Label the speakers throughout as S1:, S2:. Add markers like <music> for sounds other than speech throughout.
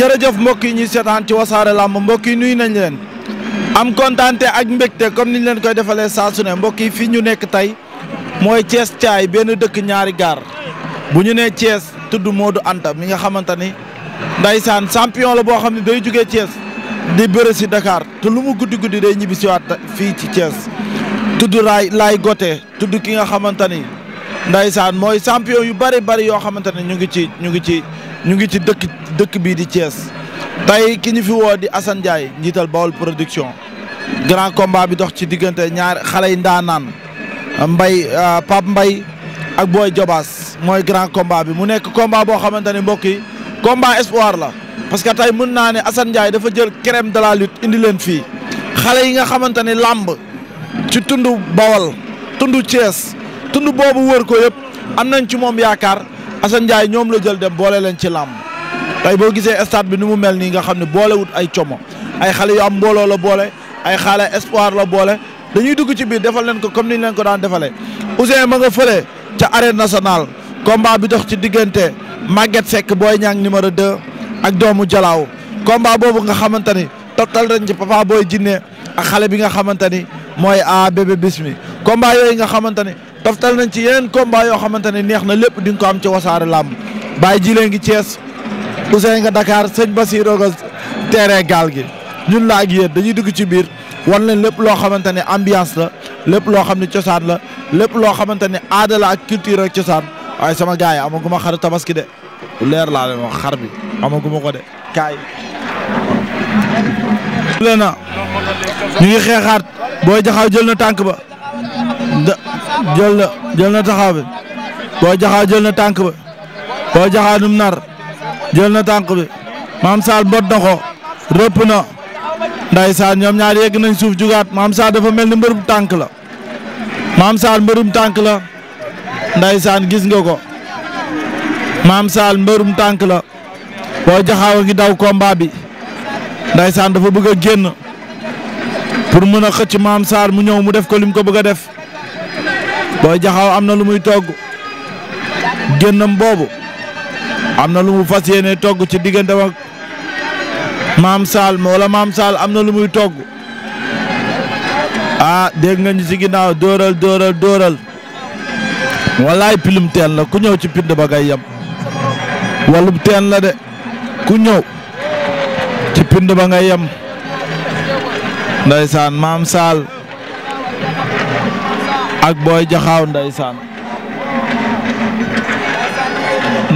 S1: jërëjëf mbokk yi ñuy seetaan ci wasaare làmb mbokk yi nuyu nañ leen am kontaante ak mbégte comme niñ leen koy defalee saa su ne mbokk yi fii ñu nekk tey mooy Thiès Thiaye benn dëkk ñaari gaar bu ñu nee Thiès tudd Modou Anta mi nga xamante ni ndaysaan champion la boo xam ne day jugee Thiès di bëre si Dakar te lu mu guddi guddi day ñibbi siwaat fii ci Thiès tudd raay laay gote tudd ki nga xamante ni ndaysaan mooy champion yu bari bari yoo xamante ne ñu ngi ci ñu ngi ci ñu ngi ci dëkk dëkk bii di Thiès tey ki ñu fi woo di Assane njiital Bawol production grand combat bi dox ci diggante ñaar xale yi ndaanaan Mbay euh, Pape Mbay ak booy Jobaas mooy grand combat bi mu nekk combat boo xamante ne mbokk yi combat espoir la parce que tey mën naa ne Assane dafa jël crème de la lutte indi leen fii xale yi nga xamante ne làmb ci tund Bawol tund Thiès tund boobu wër ko yëpp am nañ ci moom yaakaar. Assane Ndiaye ñoom la jël dem boole leen ci làmb tey boo gisee stade bi nu mu mel nii nga xam ne boolewut ay como ay xale yu am mbooloo la boole ay xale espoir la boole dañuy dugg ci biir defal leen ko comme ni ñu leen ko daan defalee Ousseyn ma nga fële ca arène nationale combat bi dox ci diggante Maguette Seck booy Niang numéro de ak doomu Jalaaw combat boobu nga xamante ni tottal ren ci Papa Boy Djiné ak xale bi nga xamante ni mooy a bébé Bismi combat yooyu nga xamante ni daftal nañ ci yeneen combat yoo xamante ne neex na lépp di ko am ci wasaare làmb Baye Jile ngi cees Ousseyn nga dakaar sëñ Basirou nga terrain gaal gi ñun la ak yéen dañuy dugg ci biir wan leen lépp loo xamante ne ambiance la lépp loo xam ne cosaan la lépp loo xamante ne aada ak culture ak cosaan waaye sama gars yi amaguma xaru tabaski de leer laa leen wax xar bi amaguma ko de kaay. ñu ngi xeexaat boo jaxaw jël na tànk ba. jël na taxaw bi boo jaxaa jël na tànk ba boo jaxaa num nar jël na tànk bi maam Saal bot na ko rëpp na ndeysaan ñoom ñaar yegg nañ suuf jugaat maam Saal dafa mel ni mbërum tànk la maam Saal mbërum tànk la ndeysaan gis nga ko maam Saal mbërum tànk la boo jaxaawa ngi daw combat bi ndeysaan dafa bëgg a génn pour mën a xëcc maam Saal mu ñëw mu def ko lim ko bëgg a def Boy Jaxaw am na lu muy togg génnam boobu am na lu mu fas yéene togg ci diggante ak maam Saal wala maam Saal am na lu muy togg ah dégg nga ñu ci dóoral dóoral dóoral walaay pilum teen la ku ñëw ci pind ba ngay yem walum teen la de ku ñëw ci pind ba ngay yem ndeysaan maam Saal. ak booy jaxaaw ndeysaan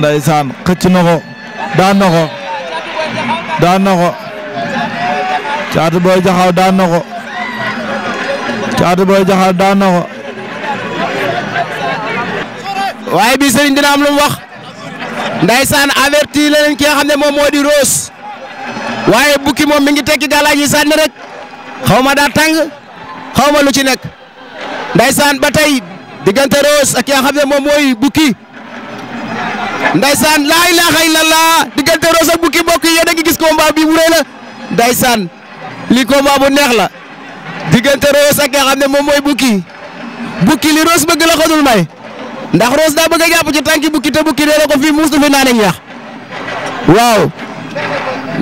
S1: ndeysaan xëcc na ko daan na ko daan na ko caatu booy jaxaaw daan na ko caatu booy jaxaaw daan na
S2: waaye bi dina am lu mu wax ndeysaan averti leneen ki nga xam ne moom moo di Rose waaye bukki moom mi ngi tekki galaaj yi sànni rek xaw ma daa tàng xaw ma lu ci nekk ndaysaan ba tey diggante Rose ak ki xam ne moom mooy Bouki ndaysaan laa ilaaha illallah diggante Rose ak Bouki mbokk yi yéen a ngi gis bii bu wuree la ndaysaan li combat bu neex la diggante Rose ak ki xam ne moom mooy bukki Bouki li Rose bëgg la ko may ndax Rose daa bëgg a ci tànki Bouki te Bouki nee na ko fii fi naan ak ñax waaw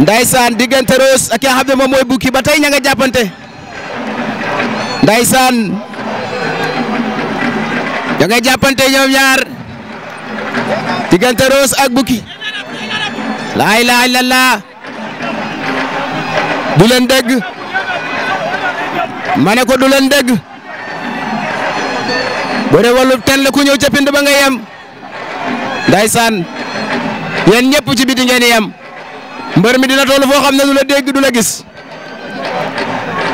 S2: ndaysaan diggante Rose ak ki xam ne moom mooy bukki ba tey ña nga jàppante ndaysaan ña ngay jàppante ñoom ñaar diggante Rose ak Bouki laa ilaaha illallah du leen dégg ma ne ko du leen dégg bëre wàllu ten la ku ñëw ca pind ba nga yem ndaysaan yéen ñëpp ci biti ngeen yem mbër mi dina toll foo xam ne du la dégg du la gis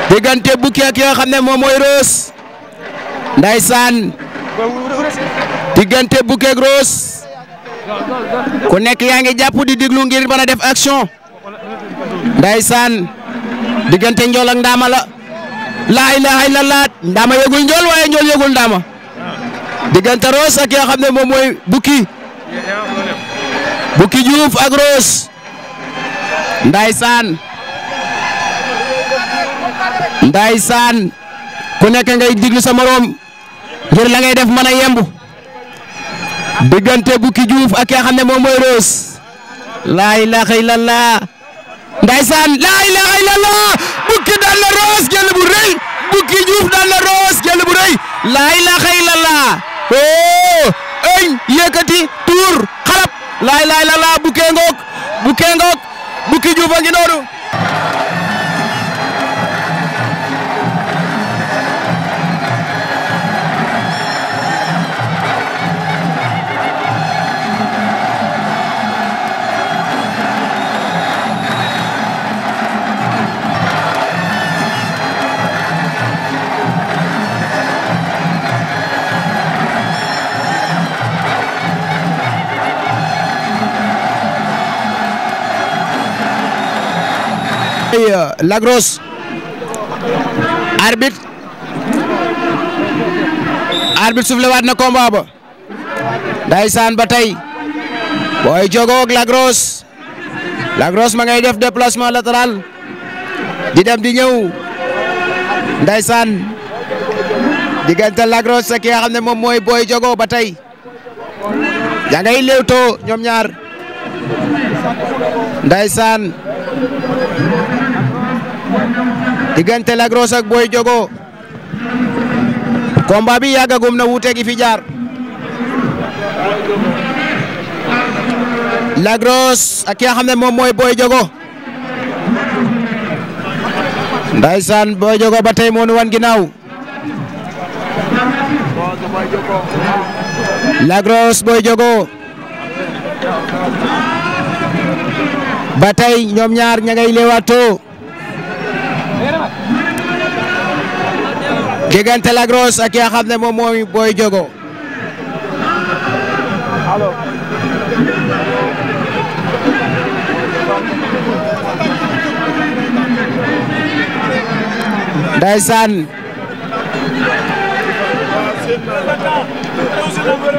S2: diggante Bouki ak yoo xam ne moom mooy Rose ndaysaan diggante Bouquet Grosse ku nekk yaa ngi jàpp di diglu ngir mën a def action ndaysaan diggante Ndiol ak Ndama la laa ilaha illallah Ndama yëgul waaye Ndiol yëgul Ndama diggante Rose ak ki xam ne moom mooy Bouki Bouki Diouf ak Rose ndaysaan ndaysaan ku nekk ngay diglu sa morom ngir la ngay def mën a yemb diggante Bouki Diouf ak ki nga xam ne moom mooy Rose laa ilaaha illallah ndaysaan laa ilaaha na Rose jël bu rëy Bouki Diouf daan na Rose jël bu rëy laa ilaaha illallah oh ëñ yëkkati tuur xalap laa ilaaha illallah Bouki ngoog Bouki ngoog a ngi noonu mooy euh, Lac Rose arbitre arbitre waat na combat ba ndaysaan ba tey booy jogo ak Lac Rose Lac ma ngay def déplacement latéral di dem di ñëw ndaysaan diggante Lac Rose ak ki nga ne moom mooy booy jogo ba tey yaa ngay léewtoo ñoom ñaar ndaysaan diggante Lac Rose ak Boy Diogo combat bi yàggagum na wuute gi fi jaar Lac Rose ak ki xam ne moom mooy Boy Diogo ndaysaan Boy Diogo ba tey moonu wan ginnaaw Lac Rose Boy Diogo ba ñoom ñaar ña ngay leewaatoo diggante Lac Rose ak ki nga xam ne moom mooy Boy Diogo Ndeysaan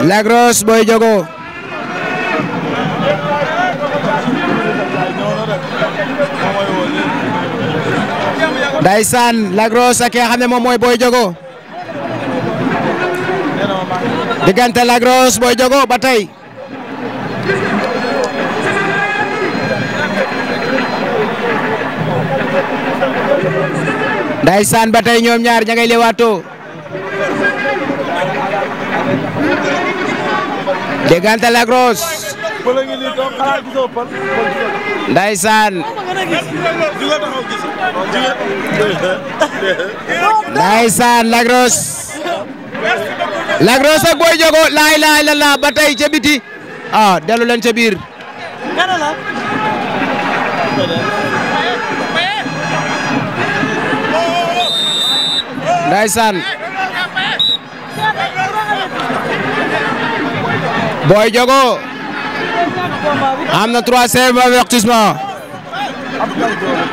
S2: Lac Rose Boy Diogo Ndeysaan saan Rose ak ki nga xam ne moom mooy Boy Diogo diggante Lac Rose Boy Diogo ba tey ba tey ñoom ñaar ña ngay
S3: Ndeysaan.
S2: Ndeysaan Lagros. Lagros ak Boy Diogo laay laay la laa ba tey ca biti ah dellu leen ca biir. Ndeysaan. am na troisième avertissement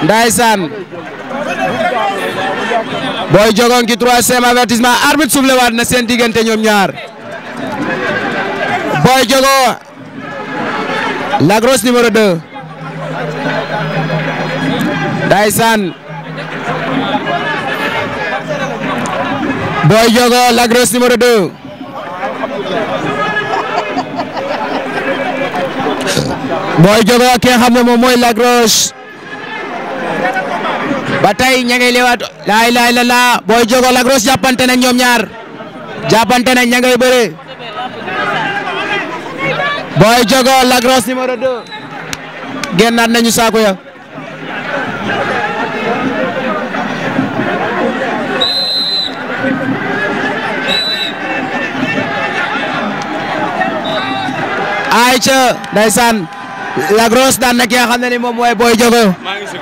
S2: ndeysaan Boy Diogon ki troisième avertissement arbitre soufflé waat na seen diggante ñoom ñaar Boy Diogon la grosse numéro 2 ndeysaan Boy Diogon la grosse numéro 2 booy jogo ak xam ne moom mooy Lac Rose ba tey ña ngay laay laay la laa booy jogo Lac Rose jàppante ne ñoom ñaar jàppante ne ña ngay bëre booy jogo Lac Rose numéro 2 génnaat nañu saako ya ayca ndeysaan Lac Rose daan na ki xam ne ni moom mooy booy Diogo.
S4: maa ngi xam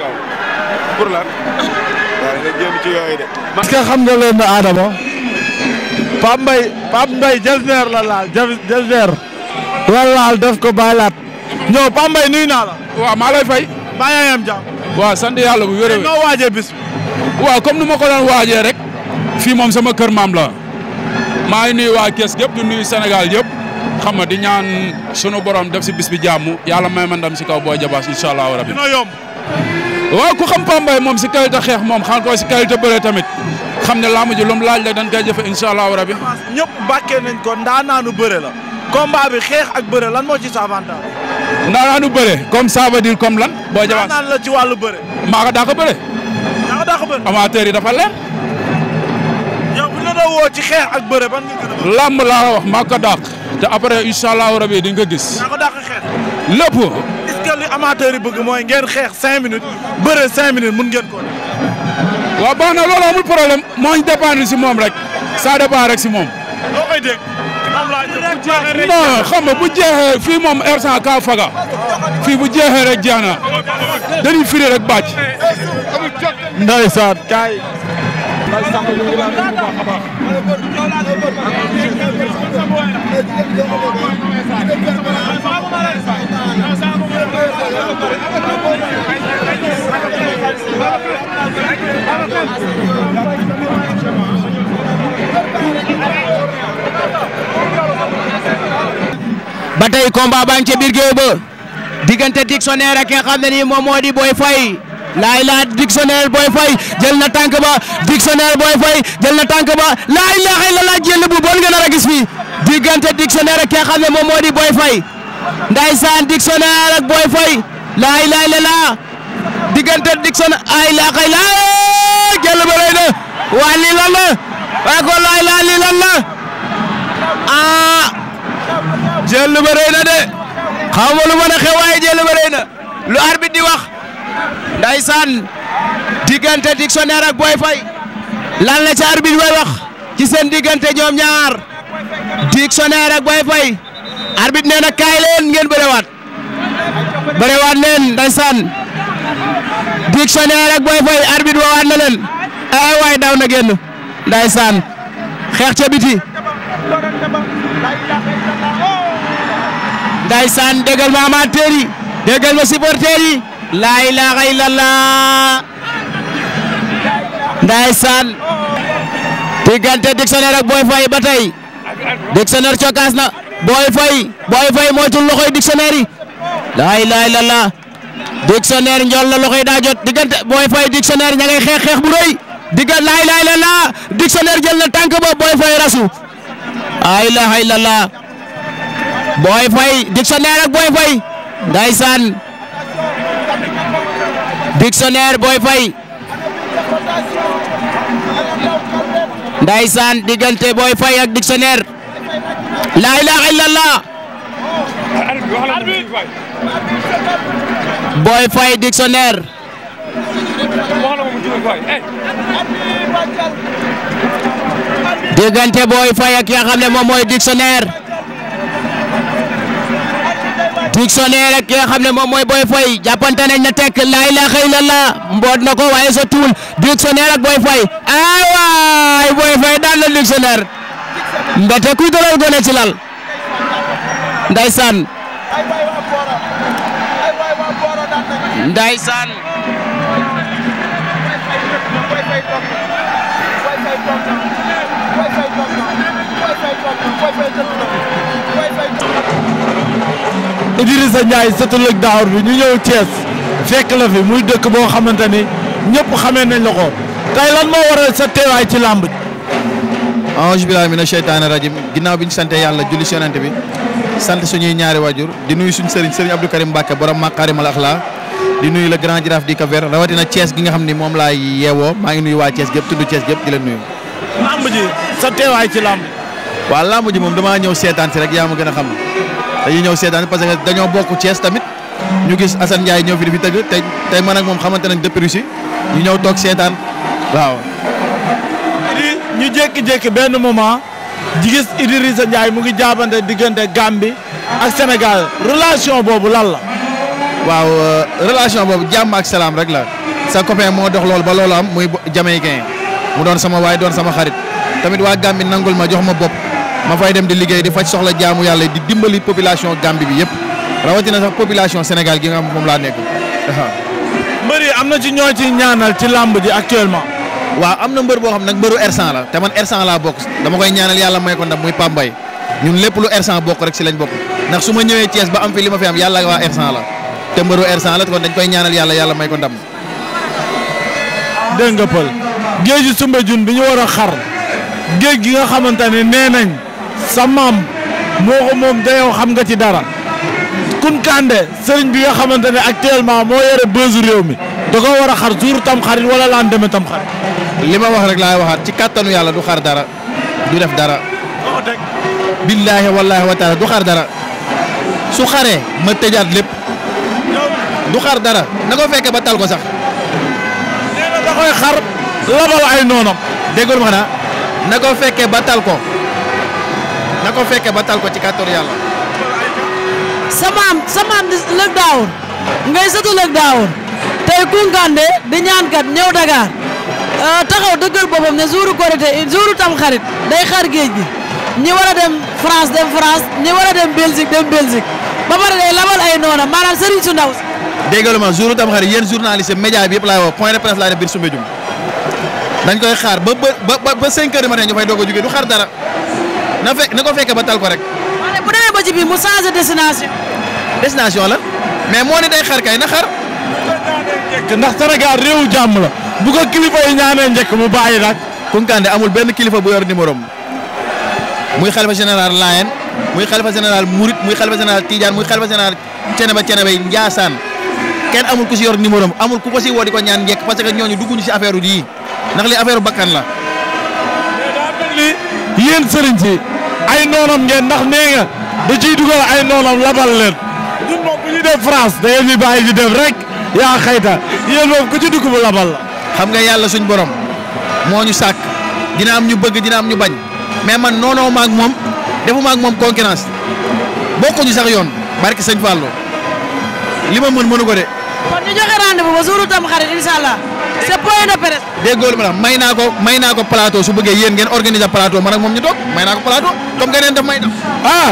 S4: nga leen la laal jël jël verre. ko bàyyilaat. ñëw Pape Mbaye naa la. waaw maa fay. maa yaa yam jàmm. waaw sant yàlla bu wér-wér. noo waajee bis bi. waaw ni ma ko rek. fii moom sama kër maam la. maa ngi nuyu waa Kees gépp di nuyu Sénégal yëpp. xam nga di ñaan sunu borom def si bis bi jàmm yàlla may ma ndam si kaw Boy Diobass incha allahu rabi. dina yomb. waaw ku xam Pambaye moom si a xeex moom xam ko si qualité bëre tamit xam ne laamu ji lu mu laaj rek dan koy jëfe incha allahu rabi. ñëpp bàkkee nañ ko ndaanaanu bëre la. combat bi xeex ak bëre lan moo ci sa avantage. ndaanaanu bëre comme ça veut dire comme lan. boo Diobass ndaanaan la ci wàllu bëre. maa ko daa ko bëre. maa ko yi dafa leer. yow bu ñu la woo ci xeex ak bëre ban nga gën a. te après incha allahu rabi di nga gis. naa ko dàq xeex. lépp. est mooy ngeen xeex 5 mun ngeen ko def. waaw baax problème moo ñu si moom rek ça dépend rek si moom.
S3: doo koy dégg. non
S4: fii moom R100 faga fii bu jeexee rek jeex na firi rek bàcc. ndeysaan kaay.
S2: ba tey combat baa ngi diggante Dictionnaire ak ki nga xam ne nii moom moo di Boy Faye laay laa Dictionnaire Boy Faye jël na tànk ba Dictionnaire Boy Faye jël na tànk ba laay laa xëy na laaj jël bu bon nga a gis fii. diggante dictionnaire ak ki nga xam ne moom moo di Boy ak Boy Faye laa ilaaha illallaah diggante dictionnaire ay laa kay laa jël ba la waaye ah. jël ba rëy na de xaw ma lu mën a xew jël ba rëy na lu arbitre di wax ndaysaan diggante dictionnaire ak Boy Faye lan la ca arbitre way wax ci seen diggante ñoom ñaar. Dictionnaire ak Boy Faye arbitre nee na kaay leen ngeen bërewaat bërewaat leen ndeysaan Dictionnaire ak Boy Faye arbitre woowaat na leen ay waay daw na génn ndeysaan xeex ca biti ndeysaan ma amateur yi déggal ma supporter yi laa ilaaha illallah ndeysaan diggante ak Boy Faye ba tey dictionnaire cokaas na Boy Faye Boy Faye moytul loxoy dictionnaire yi laa ilaaha illallaah dictionnaire njool na loxoy daa jot diggante Boy Faye dictionnaire na tànk ba rasu laa ilaaha illallaah Boy ak Boy Faye diggante Boy ak dictionnaire laa ilaaha illallah Boy Faye dictionnaire diggante Boy ak ki nga xam ne moom mooy dictionnaire dictionnaire ak ki nga xam ne moom mooy Boy Faye jàppante nañ na tekk laa ilaaha illallah mboot na ko waaye sa tuul dictionnaire ak Boy Faye ay waay Boy Faye daan na dictionnaire Mbete kuy dalal gone ci lal ndaysaan ndaysaan
S1: Idrissa Ndiaye sëtu lëg daawar bi ñu ñëw Thiès fekk la fi muy dëkk boo xamante ni ñëpp xamee nañ la ko tey lan moo waral sa teewaay ci làmb
S5: en billaahi mina sheytaani rajiim ginnaaw bi ñu sante yàlla julli si yonent bi sant suñuy ñaari waajur di nuyu suñu sëriñ sëriñ Abdou Karim Mbacke borom Makarimal Akhlaq di nuyu le grand jaraaf di Cap-Vert rawatina Thiès gi nga xam ni moom laa yeewoo maa ngi nuyu waa Thiès gépp tudd Thiès gépp di la nuyu. lamb ji sa teewaay ci lamb. waaw lamb ji moom damaa ñëw seetaan si rek yaa ma gën a xam dañuy ñëw seetaan parce que dañoo bokk Thiès tamit ñu gis Assane Ndiaye ñëw fi di fi tëgg tey tey man ak moom xamante nañ depuis Russie ñu ñëw toog seetaan waaw
S1: ñu jékki-jékki benn moment di gis Idrissa Ndiaye mu ngi jaabante diggante Gambie ak Sénégal relation boobu
S5: lan la. waaw euh, relation boobu jàmm ak salaam rek la sa copain moo dox loolu ba loolu am muy jamaïcain mu doon sama waay doon sama xarit tamit waa Gambie nangul ma jox ma bopp ma fay dem di liggéey di faj soxla jaamu yàlla di dimbali population Gambie bi yëpp rawatina sax population Sénégal gi nga moom laa nekk. <laughs> mbër am na ci ñoo ci ñaanal ci làmb ji actuellement. waaw am na mbër boo xam nag mbëru R100 la te man R100 laa bokk dama koy ñaanal yàlla may ko ndam muy Pambay ñun lépp lu R100 bokk rek si lañ bokk ndax su ma ñëwee Thiès ba am fi li ma fi am yàlla waa r la te mbëru R100 la kon dañ koy ñaanal yàlla yàlla may ko ndam.
S1: dégg nga Pël géeju Soumbédioune bi ñu war a xar géej gi nga xamante ne nee nañ sa maam moo ko moom te yow xam nga ci dara. Kounkandé sëriñ bi nga xamante ne actuellement moo yore bësu réew mi. da koo war a xar jour tam xarit wala laan demee tam xarit. li ma wax rek laay waxaat ci kattanu yàlla du xar dara du def dara.
S5: billaahi wallaahi wa du xar dara su xaree ma tëjaat lépp du xar dara na ko fekkee ba ko sax. da koy xar labal ay noonam. déggul ma xanaa na ko fekkee ba tal ko na ko fekkee batal ko ci kàttan yàlla.
S2: samaam samaam lëg daawoon ngay sëtu lëg daawoon. tey Koungheul di ñaan kat ñëw Dakar euh, taxaw dëggal boppam ne jouru Korité jouru Tamxarit day xar géej gi ñi war a dem France dem France ñi war dem Belgique dem Belgique ba pare day labal ay noona maanaam sëriñ su ndaw.
S5: déggaluma jouru Tamxarit yéen journaliste média bi yëpp laay wax point de presse laay def biir Soumbédioune dañ koy xaar ba ba ba 5 heures du matin ñu fay doog a du xaar dara na fekk na ko fekkee ba tal ko rek. waaye demee ba ci biir mu changé destination. la mais moo ne day xaar kay ndax Sénégal réewu jàmm la bu ko kilifa yi ñaanee njëkk mu bàyyi nag. Koukandé amul benn kilifa bu yor numéro muy xalifa général Layen muy xalifa général Mouride muy xalifa général Tidiane muy xalifa général Ceneba Ceneba yi Ndiassane kenn amul ku si yor numéro amul ku ko si woo ko ñaan njëkk parce ñooñu dugguñu si
S1: affaire yi ndax li affaire bakkan la. mais daa mel ni yéen sëriñ si ay noonam ngeen ndax nee nga da ciy dugal ay noonam labal leen. ñun moom bu ñu def France yaa xayta yéen moom ku ci dugg bu labal la. xam
S5: nga yàlla suñ borom moo ñu sàkk dina am ñu bëgg dina am ñu bañ mais man noonoo maag moom defu maag moom concurrence bokkuñu sax yoon barke sëñ Fallou li ma mën mënu ko de.
S2: kon ñu joxe rendez-vous ba suuru tam xarit incha allah. c'est point
S5: de presse. déggoo lu ma naa ko may naa ko plateau su bëggee yeen ngeen organiser palaato man moom ñu dog may naa ko
S1: plateau comme nga neen may def. ah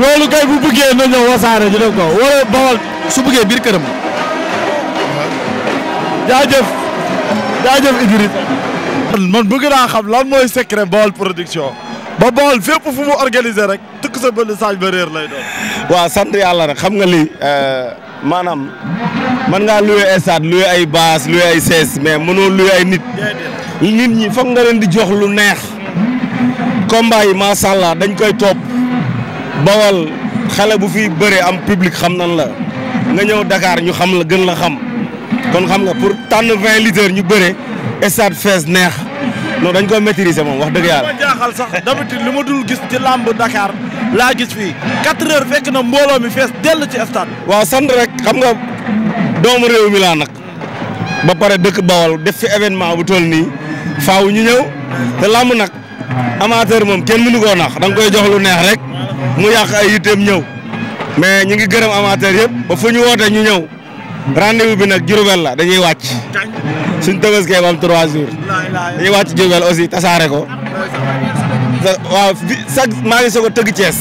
S1: loolu kay bu bëggee na ñëw wasaare ñu def su bëggee biir këram. jaajëf jaajëf Idrissa. man bëgg naa xam lan mooy secret Baol production ba Baol fépp fu mu organisé rek tëkk sa bëri saaj ba réer lay doon. waaw sant yàlla rek
S6: xam nga lii euh, maanaam mën ngaa loué stade loué ay baas loué ay sees mais mënoo loué ay nit. nit ñi foog nga leen di jox lu neex. combat yi allah dañ koy topp Baol xale bu fi bëree am public xam nan la nga ñëw dakaar ñu xam la gën la xam. kon xam nga pour tànn vingt litres ñu bëre stade fees neex non dañ koo maîtriser moom wax dëgg yàlla.
S1: ma jaaxal sax d'habitude li ma dul gis ci làmb Dakar laa gis fii quatre heures fekk na mbooloo mi fees dell ci stade. waa sant rek xam nga doomu réew mi laa nag ba pare dëkk
S6: Bawol def fi événement bu toll nii faaw ñu ñëw te làmb nag amateur moom kenn nu ko nax dang koy jox lu neex rek mu yàq ay yitteem ñëw mais ñu ngi gërëm amateur yëpp ba fu ñu wootee ñu ñëw. rendez bi nag Diourbel la dañuy wàcc suñ tëbëskee ba trois jours dañuy wàcc Diourbel aussi tasaare ko waaw maa ngi soog a tëgg Thiès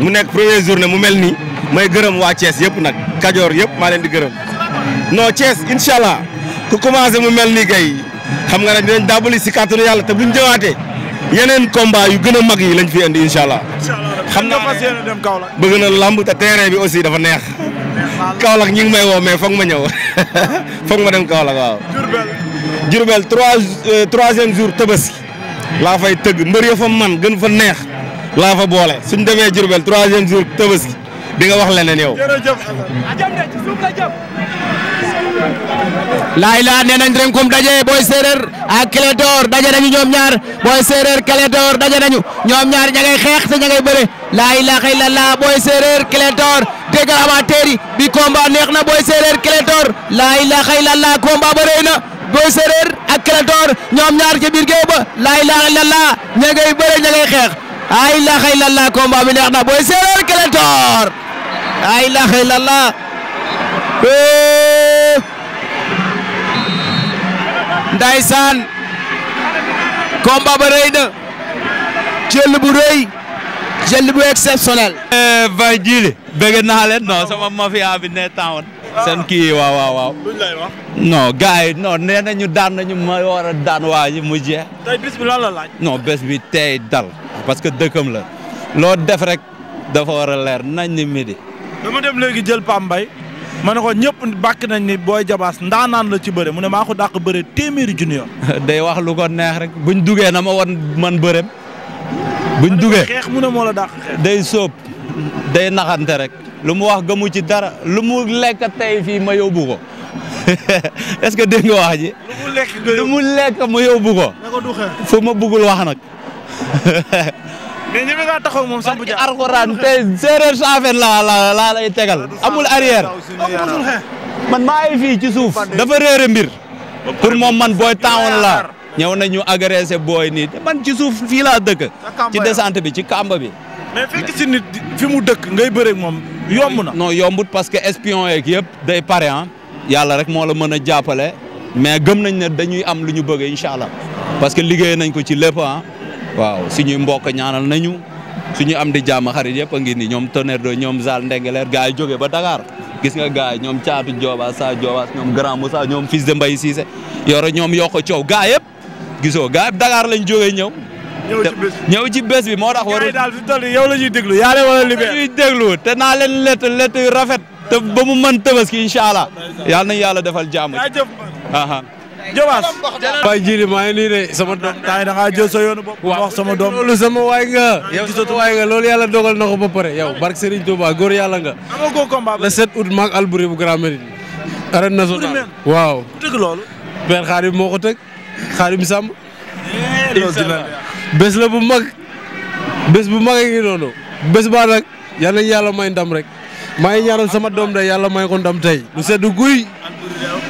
S6: mu nekk première journée mu mel ni may gërëm waa Thiès yëpp nag Kajoor yëpp maa leen di gërëm non Thiès incha allah ku commencé mu mel ni kay xam nga nag dinañ dàbbali si kàttanu yàlla te buñ jëwaatee yeneen combat yu gën a mag yi lañ fi indi incha allah.
S1: xam naa ne
S6: bëgg na lamb te terrain bi aussi dafa neex. Kaolack ñi ngi may woo mais foog ma ñëw <laughs> foog ma dem Kaolack waaw. Diourbel trois euh, troisième jour Tabaski laa fay tëgg mbër ya fa man gën fa neex laa fa boole suñ demee Diourbel troisième jour Tabaski di nga wax leneen
S2: yow. laay laa nee nañ Renkum daje Boy Séeréer ak Clédor daje nañu ñoom ñaar Boy Séeréer Clédor daje nañu ñoom ñaar ña ngay xeex te ña ngay bëre laa ilaaha illallaah Boy Séeréer Clédor déggal amateur yi bi combat neex na Boy Séeréer Clédor laa ilaaha illallaah combat ba rëy na Boy Séeréer ak Clédor ñoom ñaar ci biir géew ba laa ilaaha illallaah ña ngay bëre ña ngay xeex laa ilaaha illallaah combat bi neex na Boy Séeréer Clédor laa ilaaha illallaah Ndaysaan combat ba rëy na
S7: jël bu rëy jël bu exceptionnel. Eh, Baye Djili bëgg naa leen non sama mafia bi ne tawoon seen kii waaw waaw waaw. luñ lay wax. non gars yi ma war daan waa ji mu jeex. la laaj. non bés bi dal parce que dëkkam la loo def rek dafa war a leer nañ ni midi. dama Pambay. ma ne ko ñëpp bàkk nañ ni booy jabaas ndaanaan la ci bëre mu ne maa ko dàq bëre téeméeri junni yoon <laughs> day wax lu ko neex rek buñ duggee na ma wan man bëreem buñ duggee xeex mu ne moo la day sóob day naxante rek lu mu wax gëmu ci dara lu mu lekk tey fii ma yóbbu ko <laughs> est-ce que dégg nga wax ji. lu mu lekk ma yóbbu ko. fu ma bëggul wax nag. <laughs> mais ñeme nga taxaw moom sampu jaar alxuraan te séeréer saafeen la la laa lay tegal amul arrière man maa ngi fii ci suuf dafa réere mbir pour moom man booy taawoon laa ñëw nañu agressé booy nii man ci suuf fii laa dëkk ci descente bi ci kamba bi mais fekk si nit fi mu dëkk ngay bëre moom yomb na non yombut parce que espion yeeg yëpp day pare ah yàlla rek moo la mën a jàppale mais gëm nañ ne dañuy am lu ñu bëgg incha allah parce que liggéey nañ ko ci lépp ah waaw suñuy mbokk ñaanal nañu suñu am di jàmm xarit yëpp a ngi nii ñoom Tonnerre do ñoom Zal Ndengler gars yi jógee ba gis nga gars yi ñoom Caatu Joobaas Sa Joobaas ñoom Grand Moussa ñoom Fils de Mbaye Cissé yoro ñoom yokk coow gars yëpp gisoo gars yëpp Dakar lañ jógee ñëw. ñëw ci bés bi moo tax warul daal fi toll yow la ñuy déglu yaa leen wala libéré te naa leen lett lett rafet te ba mu mën Tabaski incha allah yàlla nañu yàlla defal jàmm. Jobaas. waay jili maa ngi nii de sama doom taay da ngaa jël sa yoonu bopp wax sama doom loolu
S4: sama waay nga yow sama waay loolu yàlla dogal na ko ba pare yow barke Serigne Touba góor yàlla nga amagoo combat le 7 août maag bu Grand Médine arène nationale waaw ku tëgg loolu père moo ko tëgg Khadim Samb eh, loolu dina bés la bu mag bés bu mag a ngi noonu bés baa nag yàlla may ndam rek maa ngi ñaanal sama doom de yàlla may ko ndam tey lu sedd guy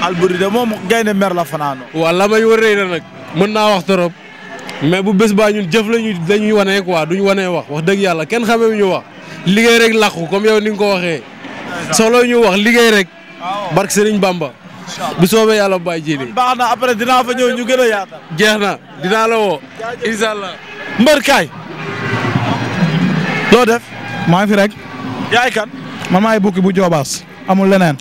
S4: Alboury de moom gaynde mer la fanaanoo waaw may wërëy na mën naa wax trop mais bu bés baa ñun jëf lañu lañuy wane quoi duñ wane wax wax dëgg yàlla kenn xamee ñu wax liggéey rek làqu comme yow ni nga ko waxee soxla ñu wax liggéey rek barke Serigne Bamba bu soobee yàlla bàyyi ji nii baax na après dinaa fa ñëw ñu gën a yaatal na dinaa la woo incha allah
S1: loo def maa ngi fi rek yaay kan man maay bukki bu joobaas amul leneen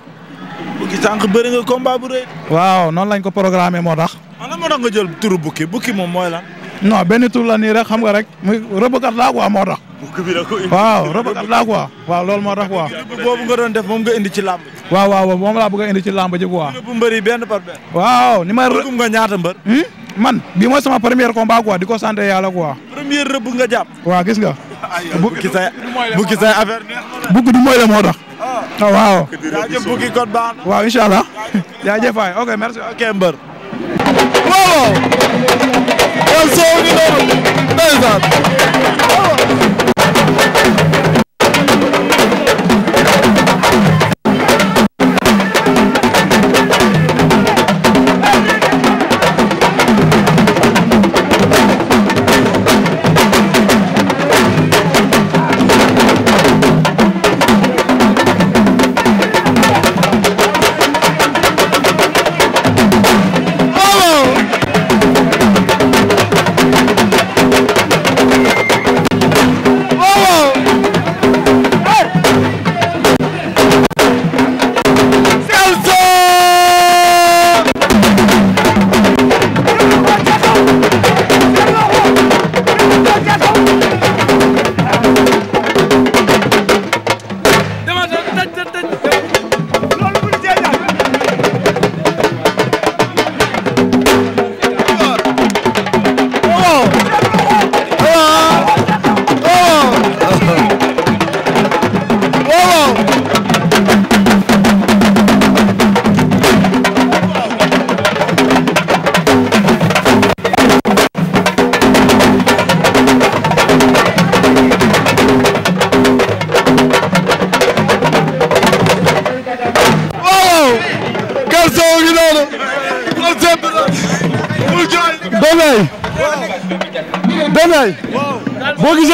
S1: bukki sànq bëri nga combat bu rëy. waaw noonu lañ ko
S4: programmé moo tax.
S1: ah lan nga jël turu bukki bukki moom mooy lan. non benn tur la nii rek xam nga rek muy
S4: rëbëkat laa quoi moo tax.
S1: bukki bi la ko indi
S4: waaw rëbëkat laa quoi. waaw loolu moo tax quoi.
S1: boobu nga doon def moom nga indi ci làmb ji. waaw waaw moom laa bëgg a indi ci làmb ji quoi. bu mbëri benn par benn. waaw ni ma. rëbb nga ñaata mbër. Hmm? man bi mooy sama premier combat quoi di ko sant yàlla quoi. premier rëbb nga jàpp. waaw gis nga. bukki say bukki say affaire. bukki du Oh, waaw. jaajëf bukki kon baax na. waaw incha allah. <laughs> jaajëf waay ok merci. ok mbër. waaw. kon soo ngi noonu. ndeysaan.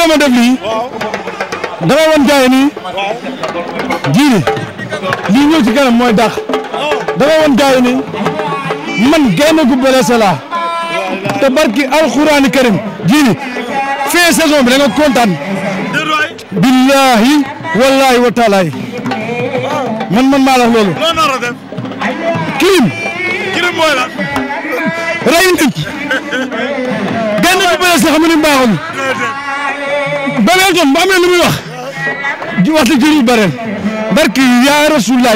S8: ma def lii dama woon gars yi nii jiiri lii ñëw ci kanam mooy dàq dama woon gars yi nii man gaynde gu blessé laa te barki alxuraani karim jiiri fin saison bi da nga kontaan billahi wallahi wa taalaay man man maa la wax loolu crime crime mooy la rey nit gaynde gu blessé xam nga ni baaxul Babel itam bu amee lu muy wax di wax dëgg yu bëri barki yaa Rasulullah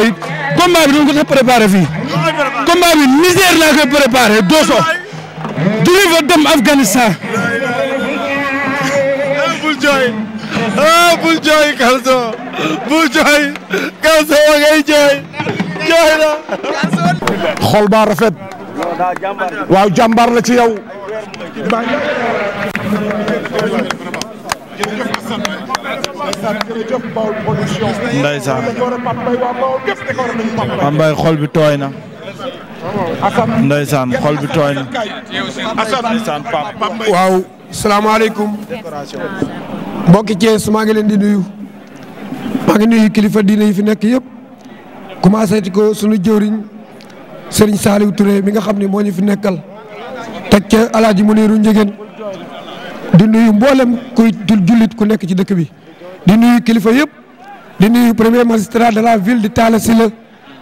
S8: combat bi doon ko sax préparé fii combat bi Niger laa koy préparé Dosso. jóge dem Afghanistan. Eh, bul jooy ah bul jooy Kalso bul jooy
S1: Kalso ma ngay jooy jooy la.
S4: xol ba rafet.
S6: waaw jàmbaar
S4: la ci yow.
S1: jërëjëf Assane Assane xol bi tooy na. ndeysaan xol bi tooy na. ndeysaan Pape.
S8: waaw salaamaaleykum. mbokki Thiès maa ngi leen di nuyu. maa ngi nuyu kilifa diine yi fi nekk yëpp. commencé ko sunu jëwriñ Serigne Saliou Touré mi nga xam ni moo ñu fi nekkal. teg ca El Hadj Mounirou di nuyu mboolem kuy jullit ku nekk ci dëkk bi di nuyu kilifa yëpp di nuyu premier magistrat de la ville di Talla Sylla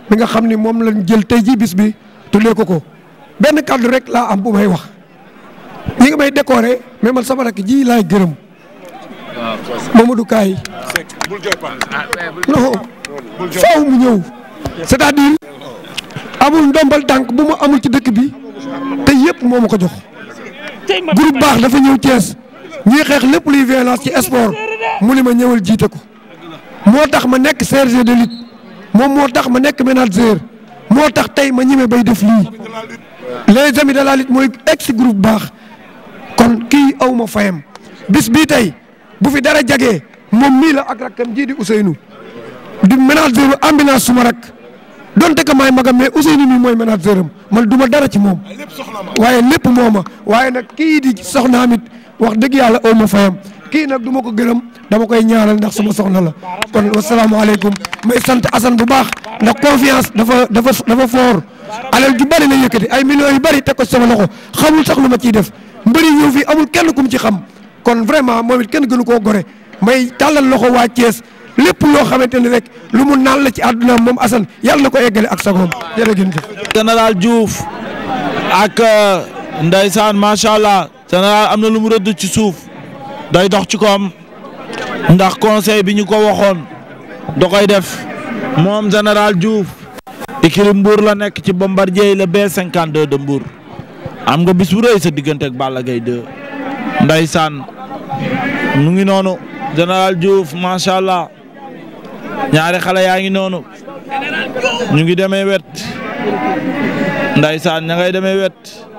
S8: mi nga xam ni moom lañ jël tey ji bis bi tuddee ko ko benn kàddu rek laa am bu may wax mu ngi may décorer mais man sama rakk ji laay gërëm
S4: Mamadou Kaay non
S8: mu ñëw c'est-à-dire amul ndombal tànk bu mu amul ci dëkk bi te yëpp moo ma ko jox groupe baax dafa ñëw Thiès ñuy xeex lépp luy violence ci sport mu ni ma ñëwal jiite ko moo tax ma nekk cherge de lutte moom moo tax ma nekk manager moo tax tey ma ñime bay def lii les amis de la lutte mooy ex groupe baax kon kii aw fayam bis bii tey bu fi dara jagee moom mii la ak rakkam jii di Ousseynou di manager ambulance suma rek donte que maay magam mais Ousseynou mii mooy manager am man du ma dara ci moom waaye lépp mooma waaye nag kii di soxnaam it wax dëgg yàlla aw ma fayam kii nag duma ma ko gërëm dama koy ñaanal ndax sama soxna la kon wasalaamaaleykum may sant Assane bu baax ndax confiance dafa dafa dafa fort alal ju bari la yëkkati ay millions yu bari teg ko sama loxo xamul sax lu ma ciy def mbëri ñëw fii amul kenn kum ci xam kon vraiment moom it kenn gënu koo gore may tàllal loxo waa Thiès lépp loo xamante ni rek lu mun naan la ci àdduna moom Assane yàlla na ko eggale ak sagoom jërëjëf. général Diouf
S1: ak euh, ndeysaan macha allah Général am na lu mu rëdd ci suuf day dox ci koom ndax conseil bi ñu ko waxoon da koy def moom Général Diouf ikiri Mbour la nekk ci Bombardier le B52 de Mbour am nga bis bu rëy sa diggante ak Balla Gaye 2 ndeysaan mu ngi noonu Général Diouf macha allah ñaari xale yaa ngi noonu ñu ngi demee wet ndeysaan ña ngay demee wet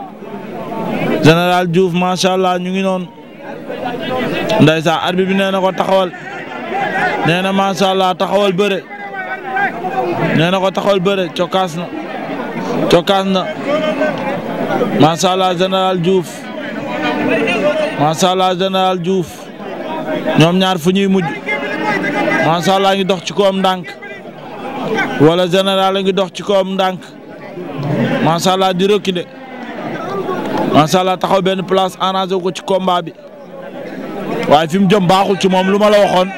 S1: général Diouf macha allah ñu ngi noon ndeysaan arbitre bi nee na ko taxawal nee na macha allah taxawal bëre nee na ko taxawal bëre cokkaas na cokkaas macha allah général Diouf macha allah général Diouf ñoom ñaar fu ñuy mujj macha allah ngi dox ci koom ndànk wala général ngi dox ci koom ndànk macha allah di rëkk de. macha allah taxaw benn place arrangé ko ci combat bi waaye fi mu jëm baaxul ci moom lu ma la waxoon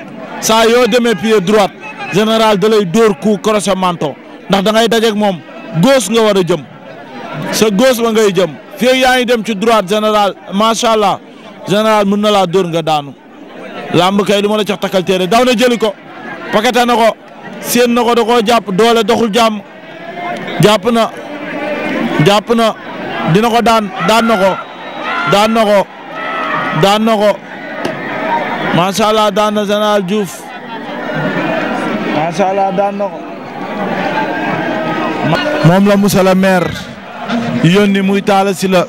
S1: saa yoo demee pied droite général da lay dóor coup crochet ndax da ngay moom gauche nga war a jëm sa gauche ba ngay jëm fii yaa ngi dem ci droite général macha allah général mën na laa dóor nga daanu. làmb kay lu ma la jox takkal téere na jëli ko pakete na ko séen na ko da koo jàpp doole doxul jàmm jàpp na jàpp na. dina ko daan daan na ko daan na ko daan na ko macha allah daan na général Diouf macha moom la Moussa la maire yónni muy taal si la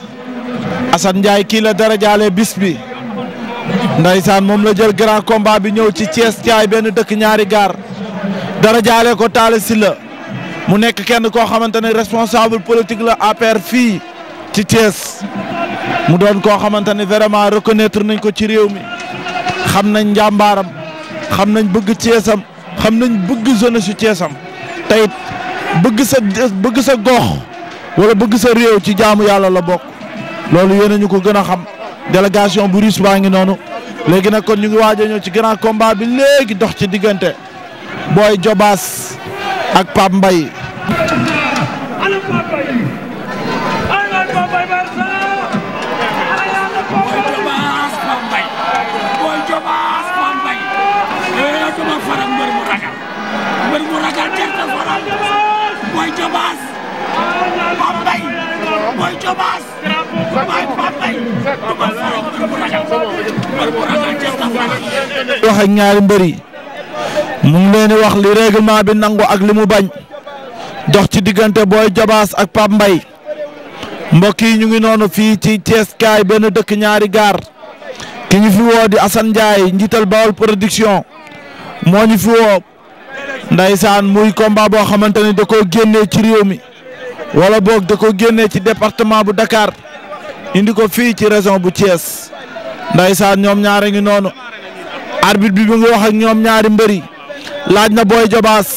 S1: Assane Ndiaye kii la dara jaale bis bi ndaysaan moom la jël grand comba bi ñëw ci Thiès Thiaay benn dëkk ñaari gaar dara jaale ko taal si la mu nekk kenn koo xamante ne responsable politique la APR fii. ci Thiès mu doon koo xamante ne vraiment reconnaître nañ ko ci réew mi xam nañ njàmbaaram xam nañ bëgg Thièsam xam nañ bëgg zone su Thièsam tey bëgg sa bëgg sa gox wala bëgg sa réew ci jaamu yàlla la bokk loolu yéen ñu ko gën a xam délégation bu riche baa ngi noonu léegi nag kon ñu ngi waaj a ñëw ci grand combat bi léegi dox ci diggante booy Jobaas ak Pape Mbaye hommage ñaari mbër yi mu ngi leen wax li règlement bi nangu ak li mu bañ dox ci diggante booy Jabaas ak Pape Mbaye mbokk yi ñu ngi noonu fii ci Thiès kaay benn dëkk ñaari gaar ki ñu fi woo di njiital Bawol production moo ñu fi woo ndeysaan muy combat boo xamante ni da koo génnee ci réew mi wala boog da ko génnee ci département bu Dakar indi ko fii ci région bu Thiès ndaysaan ñoom ñaari ngi noonu arbitre bi mu ngi wax ak ñoom ñaari mbëri laaj na booy Jobaas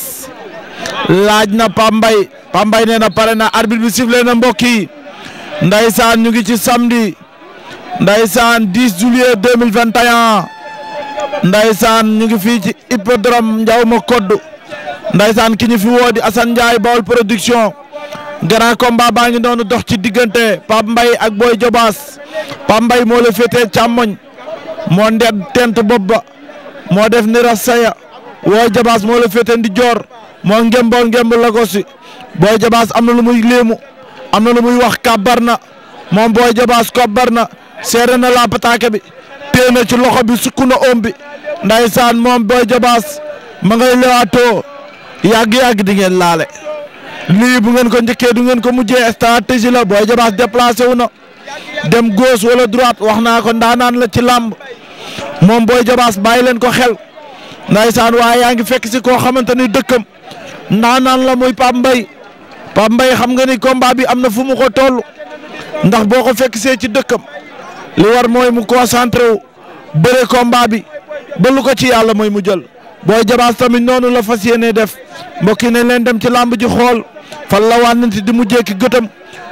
S1: laaj na Pambay Pambay nee na pare na arbitre bi sifflé na mbokk yi ndaysaan ñu ngi ci samedi ndaysaan 10 juillet nday ndaysaan ñu ngi fii ci hippodrome Ndiaw ma kodd ndaysaan ki ñu fi woo di Assane Ndiaye Baol production grand combat baa ngi noonu dox ci diggante Pape Mbaye ak Boy Jobaas Pape Mbaye moo la féetee càmmoñ moo ndeb tent bopp ba moo def ni rasaya Boy Jobaas moo la féetee ndi joor moo ngemboo ngemb la ko Jobaas am na lu muy léemu am na lu muy wax kàbbar na moom Boy Jobaas kàbbar na seere na la pataake bi téye ci loxo bi sukk na oom bi ndaysaan moom Boy Jobaas ma ngay lewaatoo yàgg di ngeen laale lii bu ngeen ko njëkkee du ngeen ko mujjee stratégie la booy Diobass déplacé wu na dem gauche wala droite wax naa ko ndaanaan la ci làmb moom Boy Diobass bàyyi leen ko xel ndaysaan waaye yaa ngi fekk si koo xamante ni dëkkam ndaanaan la muy Pape mbay Pape mbay xam nga ni combat bi am na fu mu ko toll ndax boo ko fekk see ci dëkkam li war mooy mu concentré wu bëre combat bi ba ko ci yàlla mooy mu jël Boy Diobass tamit noonu la fas yéenee def mbokk yi nañ dem ci làmb ji xool. fan la wànnante di mujjee ki gëtam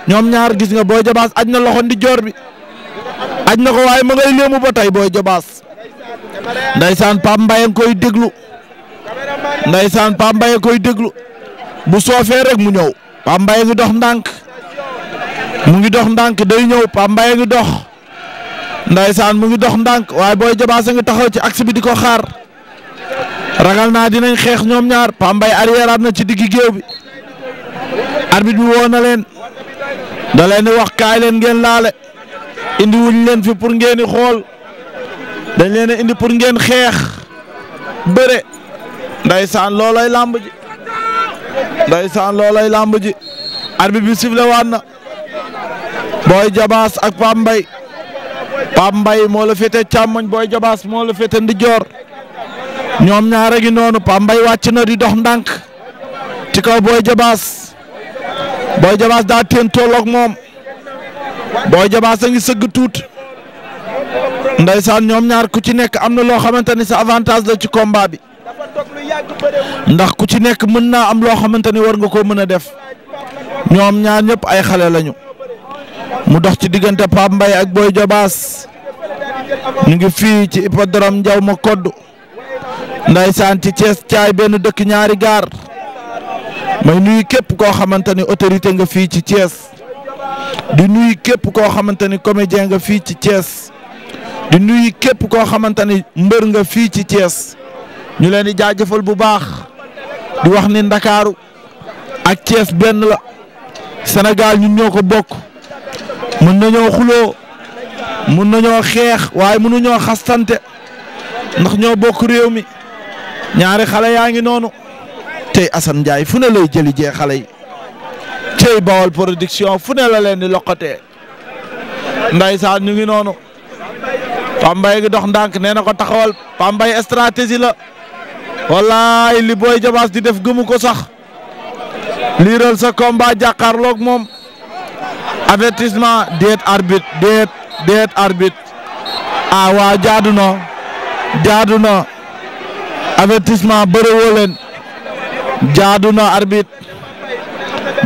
S1: ñoom ñaar gis nga booy Diobass aj na loxo ndi joor bi añ na ko waaye ma ngay léemu ba tey booy jabaas ndaysaan Pape Mbaye koy déglu ndaysaan Pape Mbaye koy déglu bu soofee rek mu ñëw mbay Mbaye ngi dox ndànk mu ngi dox ndànk day ñëw Pape Mbaye ngi dox ndaysaan mu ngi dox ndànk waaye booy Diobass a ngi taxaw ci axe bi di ko xaar ragal naa dinañ xeex ñoom ñaar Pape mbay arrière na ci diggi géew bi arbitre bi woo na leen da leen di wax kaay leen ngeen laale indi wuñ leen fi pour ngeen di xool dañ leen indi pour ngeen xeex bëre ndaysaan loolay làmb ji ndaysaan loolay làmb ji arbitre bi sifflé waat na booy jabaas ak Pape Mbaye Pape Mbaye moo la féete càmmoñ booy jabaas moo la féete ndijoor ñoom ñaar a ngi noonu Pape Mbaye wàcc na di dox ndànk ci kaw booy jabaas booy Diobass daa teen tolloog moom booy Diobass a ngi sëgg tuut ndaysaan ñoom ñaar ku ci nekk am na loo xamante ni sa avantage la ci combat bi ndax ku ci nekk mën naa am loo xamante ni war nga ko mën a def ñoom ñaar ñëpp ay xale lañu mu dox ci diggante Pape mbay ak booy Diobass ñu ngi fii ci hippodrome Ndiaw ma koddu kodd ndaysaan ci Thiès caay benn dëkk ñaari gaar may nuyu képp koo xamante ni autorité nga fii ci Thiès di nuyu képp koo xamante ni comédien nga fii ci Thiès di nuyu képp koo xamante ni mbër nga fii ci Thiès ñu leen di jaajëfal bu baax di wax ni Ndakaaru ak Thiès benn la Sénégal ñun ñoo ko bokk mën nañoo xuloo mën nañoo xeex waaye mënuñoo xastante ndax ñoo bokk réew mi ñaari xale yaa ngi noonu. tey Assane Ndiaye fu ne lay jëli jee xale yi tey Bawol production fu ne la leen di loqatee ndeysaan ñu ngi noonu Pambay gi dox ndànk ne na ko taxawal Pambay stratégie la wallaay li booy di def gëmu ko sax liiral sa combat jàkkaarloog moom avertissement déet arbitre déet déet arbitre ah waa jaadu na jaadu na avertissement bëriwoo jaadu na arbitre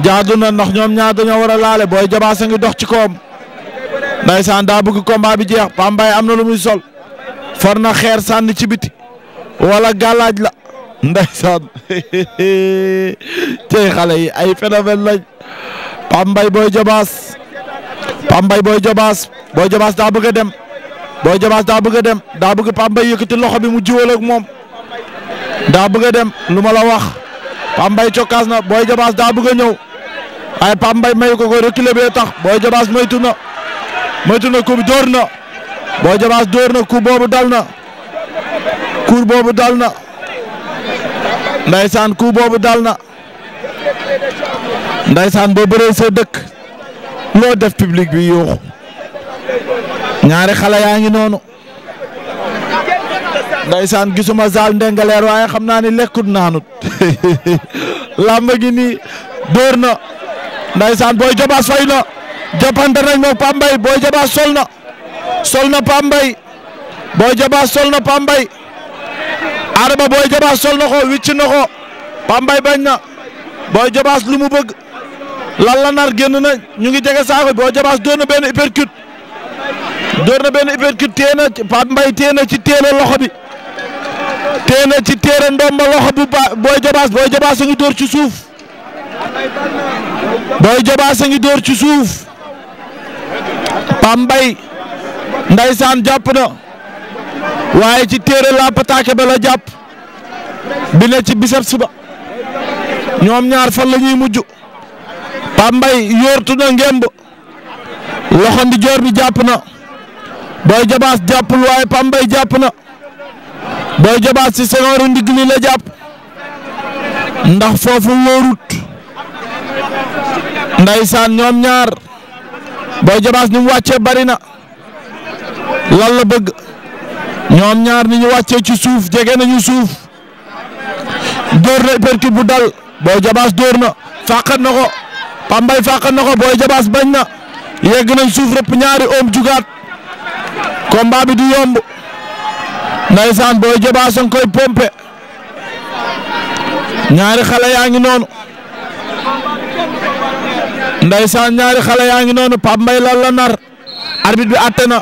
S1: jaadu na ndax ñoom ñaar dañoo war a laale booy jabaase ngi dox ci koom ndaysaan daa bëgg combat bi jeex pambaay am na lu muy sol for na xeer sànni ci biti wala gàllaaj la ndaysaan tey <laughs> xale yi ay phénomène lañ pambay booy jabaas pambay booy jabaas booy jabaas daa bëgg a dem booy jabaas daa bëgg a dem daa bëgg yëkkati loxo bi mu jiwal moom daa bëgg dem lu ma la wax Pape Mbaye cokkaas na Boy Diobass daa bëgg a ñëw waaye Pape Mbaye mayu ko ko reculer bee tax Boy Diobass moytu na moytu na coup dóor na Boy Diobass dóor na coup boobu dal na coup boobu dal na ndaysaan coup boobu dal na ndaysaan boo bëree sa dëkk loo def public bi yuuxu ñaari xale ngi noonu ndaysaan gisuma Zal Ndengaleer waaye xam naa ni lekkut naanut <laughs> làmb gi nii dóor na ndaysaan booy jobaas fay na jàppante nañ moog Pambay booy jobaas sol na sol na Pambay booy jobaas sol na Pambay Adama booy jobaas sol na na ko Pambay bañ na booy jobaas lu mu bëgg lan la nar génn na ñu ngi jege saako booy jobaas dóor na benn uppercut dóor na benn uppercut téye na Pambay téye na ci téelo loxo bi. tee na ci téere ndomba loxo bu ba Boy Jobaas Boy ngi dóor ci suuf Boy Jobaas ngi dóor ci suuf Pambay ndaysaan jàpp na waaye ci téere la pataake ba jàpp bi ne ci biceps ba ñoom ñaar fan la ñuy mujj Pambay yoortu na ngemb loxo ndi joor bi jàpp na Boy Jobaas jàppul waaye Pambay jàpp na. Boy Diobass ci sengooru ndigg li la jàpp ndax foofu wóorut ndaysaan ñoom ñaar booy Diobass ni mu wàccee bari na lan la bëgg ñoom ñaar ni ñu wàccee ci suuf jege nañu suuf dóor na percute bu dal Boy Diobass dóor na fàqat na ko Pambay fàqat na ko Boy Diobass bañ na yegg nañ suuf rëpp ñaari oom jugaat combat bi du yomb. ndaysaan booy jobaa koy pompe ñaari xale yaa ngi noonu ndaysaan ñaari xale yaa ngi noonu Pape Mbaye lan nar arbitre bi àtte na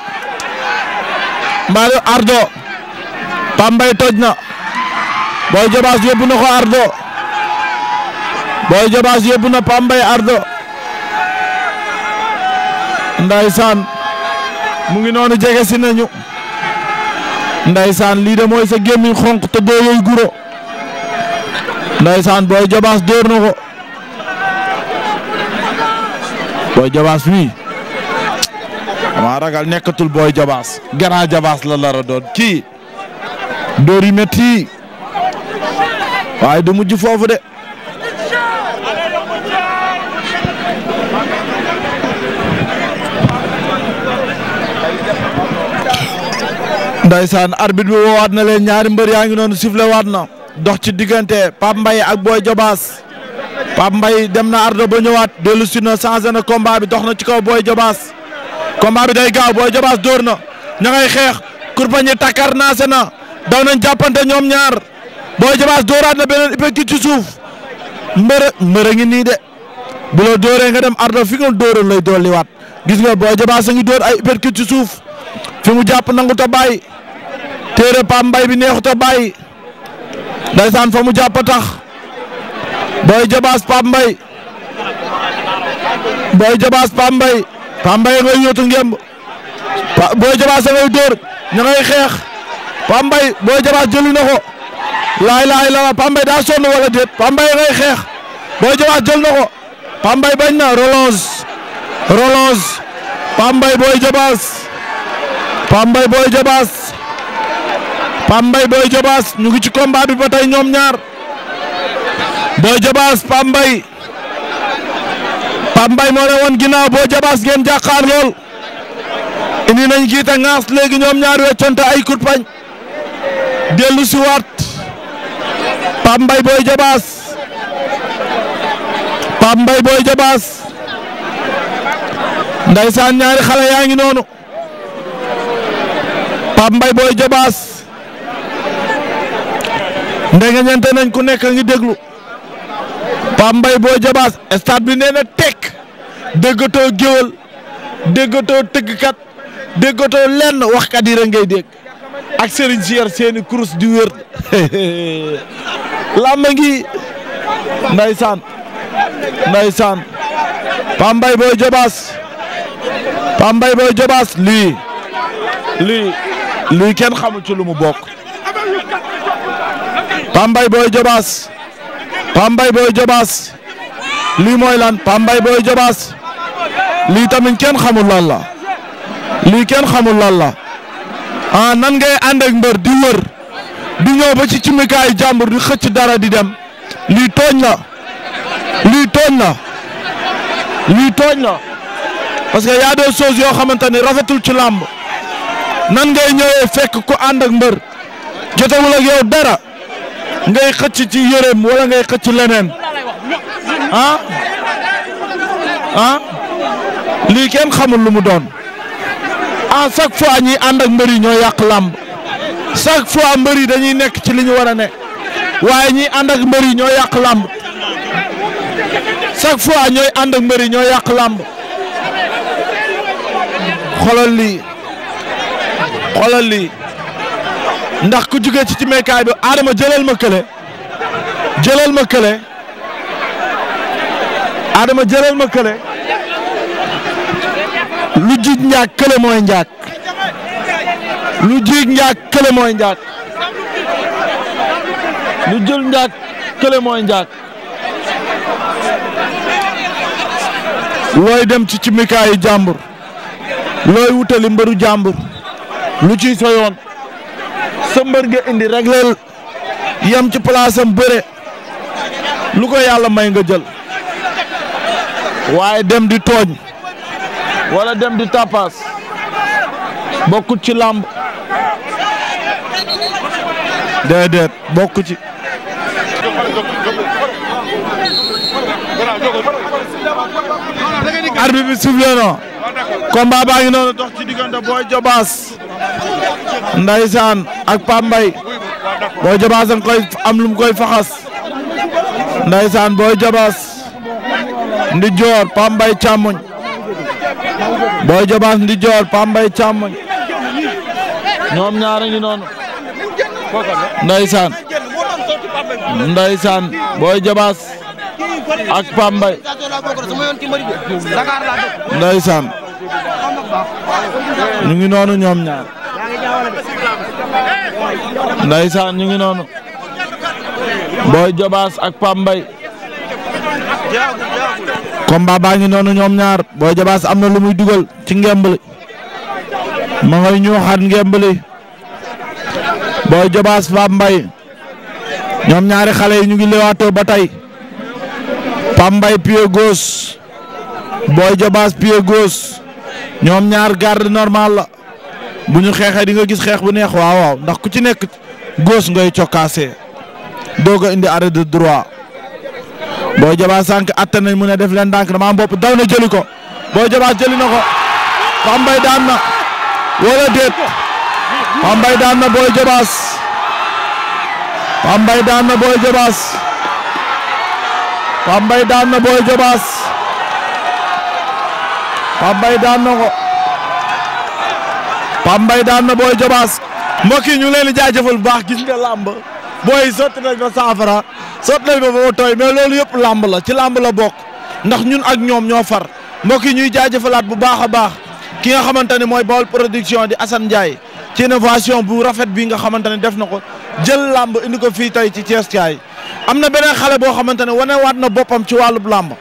S1: mbaalu ardo Pape Mbaye toj na booy jobaas yóbbu na ko ardo booy jobaas yóbbu na Pape Mbaye ardo ndaysaan mu ngi noonu jege si nañu ndaysaan lii de mooy sa gémmiñ xonq te doo yooyu guro ndaysaan booy jobaas dóor na booy jobaas wii dama ragal nekkatul booy jobaas grand jabaas la lara doon kii dóor yi métti waaye du mujj foofu de Ndeysaan arbitre bi woowaat na leen ñaari mbër yaa ngi noonu sifflé waat na dox ci diggante Pape Mbaye ak booy Diobass Pape Mbaye dem na ardo ba ñëwaat dellu si na changé na combat dox na ci kaw booy Diobass combat bi day gaaw Boy Diobass dóor na ña ngay xeex kurpañe takkar naase na daw nañ jàppante ñoom ñaar Boy Diobass dóoraat na beneen upekit ci suuf mbër mbër ngi nii de bu la dóoree nga dem ardo fi nga dóoroon lay dolliwaat gis nga Boy Diobass a ngi ci suuf téere Pape bi neexut a bàyyi ndaysaan fa mu jàpp tax booy jabaas Pape booy jabaas Pape Mbaye Pape Mbaye ngay yóotu booy jabaas da ngay dóor ña ngay xeex Pape Mbaye booy jabaas jëli na ko laay laay la Pape Mbaye daa sonn wala déet Pape Mbaye ngay xeex booy jabaas jël na ko Pape Mbaye na relance relance Pape booy jabaas Pape booy jabaas Pape Mbaye Boy Diobass ñu ngi ci combat bi ba tey ñoom ñaar Boy Diobass Pape Mbaye Pape Mbaye moo ne woon ginnaaw Boy Diobass ngeen jàkkaar lool indi nañ giite ŋaas léegi ñoom ñaar weccante ay coup pañ dellu si waat Pape Mbaye Boy Diobass Pape Mbaye Boy Diobass ndaysaan ñaari xale yaa ngi noonu Pape Mbaye Boy Diobass ndegeñante nañ ku nekk ngi déglu Pape Mbaye Boy Diobass bi nee na tekk déggatoo géwël déggatoo tëggkat déggatoo lenn waxkat yi rek ngay dégg ak Serigne si yor seeni kurus di wér <laughs> làmba ngi ndaysaan ndaysaan Pape Mbaye Boy Diobass Pape Mbaye Boy Diobass lii lii lii kenn xamul ci lu mu bokk Pambay Boy Jobaas Pambay Boy Jobaas lii mooy lan Pambay Boy Jobaas lii tamit kenn xamul lan lii kenn xamul lan ah, nan ngay ànd mbër di wër di ñëw ba ci cimikaayu jàmbur di xëcc dara di dem lii tooñ la lii tooñ la lii tooñ la parce que yoo xamante ni rafetul ci làmb nan ngay ñëwee fekk ku ànd ak mbër jotewul ak yow dara. ngay xëcc ci yërëm wala ngay xëcc leneen ah? ah lii kenn xamul lu mu doon à ah, chaque fois ñuy ànd ak mbër ñoo yàq làmb chaque fois mbër yi dañuy nekk ci li ñu war a ne waaye ñiy ànd ak mbër yi ñoo yàq làmb chaque fois ñooy ànd ak mbër ñoo yàq làmb xoolal lii xoolal lii ndax ku jugee ci ci meekaay bi Adama jëlal ma kële jëlal ma kële Adama jëlal ma kële lu jiij njaag kële mooy njaag lu jiij njaag kële mooy njaag lu jël njaag kële mooy njaag looy dem ci ci mikaayu jàmbur looy wutali mbaru jàmbur lu ciy sa sa mbër nga indi regleel yem ci place am bëre lu ko yàlla may nga jël waaye dem di tooñ wala dem di tapas bokkut ci làmb déedéet bokku ci arbitre bi combat baa ngi noonu dox ci diggante Boy Diobass Ndaysaan ak Pape Mbaye Boy Diobass nga koy am lu booy koy faxas Ndaysaan Boy Diobass ndi joor Pape Mbaye càmmoñ Boy Diobass ndi joor Pape Mbaye càmmoñ ñoom ñaara ngi noonu ñu ngi noonu ñoom ñaar. Ndeysaan ñu ngi noonu. booy Jobaas ak Pambay. combat baa ngi noonu ñoom ñaar Boy Jobaas am na lu muy dugal ci ngembali. ma ngay ñuuxaat ngembali. Boy Jobaas Pambay. ñoom ñaari xale yi ñu ngi lewaatoo ba tey. Pambay pied gauche. Boy Jobaas pied gauche. ñoom ñaar garde normal la bu ñu xeexee di nga gis xeex bu neex waaw waaw ndax ku ci nekk góos ngay cokkaasee doog indi arrêt de droit boo jabaa sànq attan nañ mu ne def leen ndànk dama am bopp na jëli ko boo jabaa jëli na ko Pambay daan na wala déet Pambay daan booy jabaas Pambay daan booy jabaas Pambay daan na ko Pambay daan na booy Jobaas mbokk yi ñu leen di jëfal bu baax gis nga làmb booy sotti nañ ma saafara sotti nañ ma ba ma tooy mais loolu yëpp làmb la ci làmb la bokk ndax ñun ak ñoom ñoo far mbokk yi ñuy jaajëfalaat bu baax a baax ki nga xamante ne mooy Baol production di Assane Ndiaye ci innovation bu rafet bi nga xamante ne def na ko jël làmb indi ko fii tey ci Thiès Thiaye am na beneen xale boo xamante wane waat na boppam ci wàllub làmb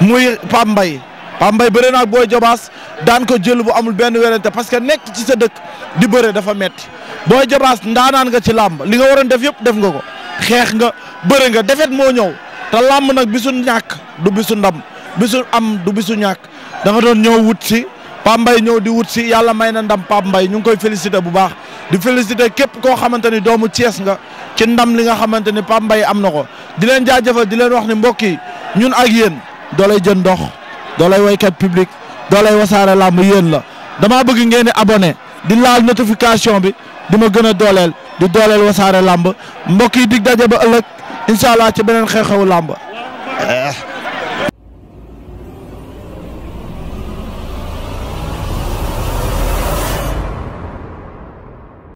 S1: muy Pape Mbaye paam mbay bëre naag Boy Jobaas daan ko jël bu amul benn werante parce que nekk ci sa dëkk di bëre dafa metti Boy Jobaas ndaanaan nga ci làmb li nga waroon def yëpp def nga ko xeex nga bëre nga defet moo ñëw te làmb nag bisu ñàkk du bisu ndam bisu am du bisu ñàkk da doon ñëw wut si Pape Mbaye ñëw di wut si yàlla may na ndam Pape mbay ñu ngi koy félicité bu baax di félicité képp koo xamante ni doomu Thiès nga ci ndam li nga xamante ni Pape Mbaye am na ko di leen jaajëfal di wax ni mbokk yi ñun ak yéen doolay jën dox doolay waykat public doolay wasaare lamb yéen la damaa bëgg ngeen di abonné di laal notification bi di ma gën a dooleel di dooleel wasaare làmb mbokk yi dig daje ba ëllëg incha allah ci beneen xew-xewu làmb eh,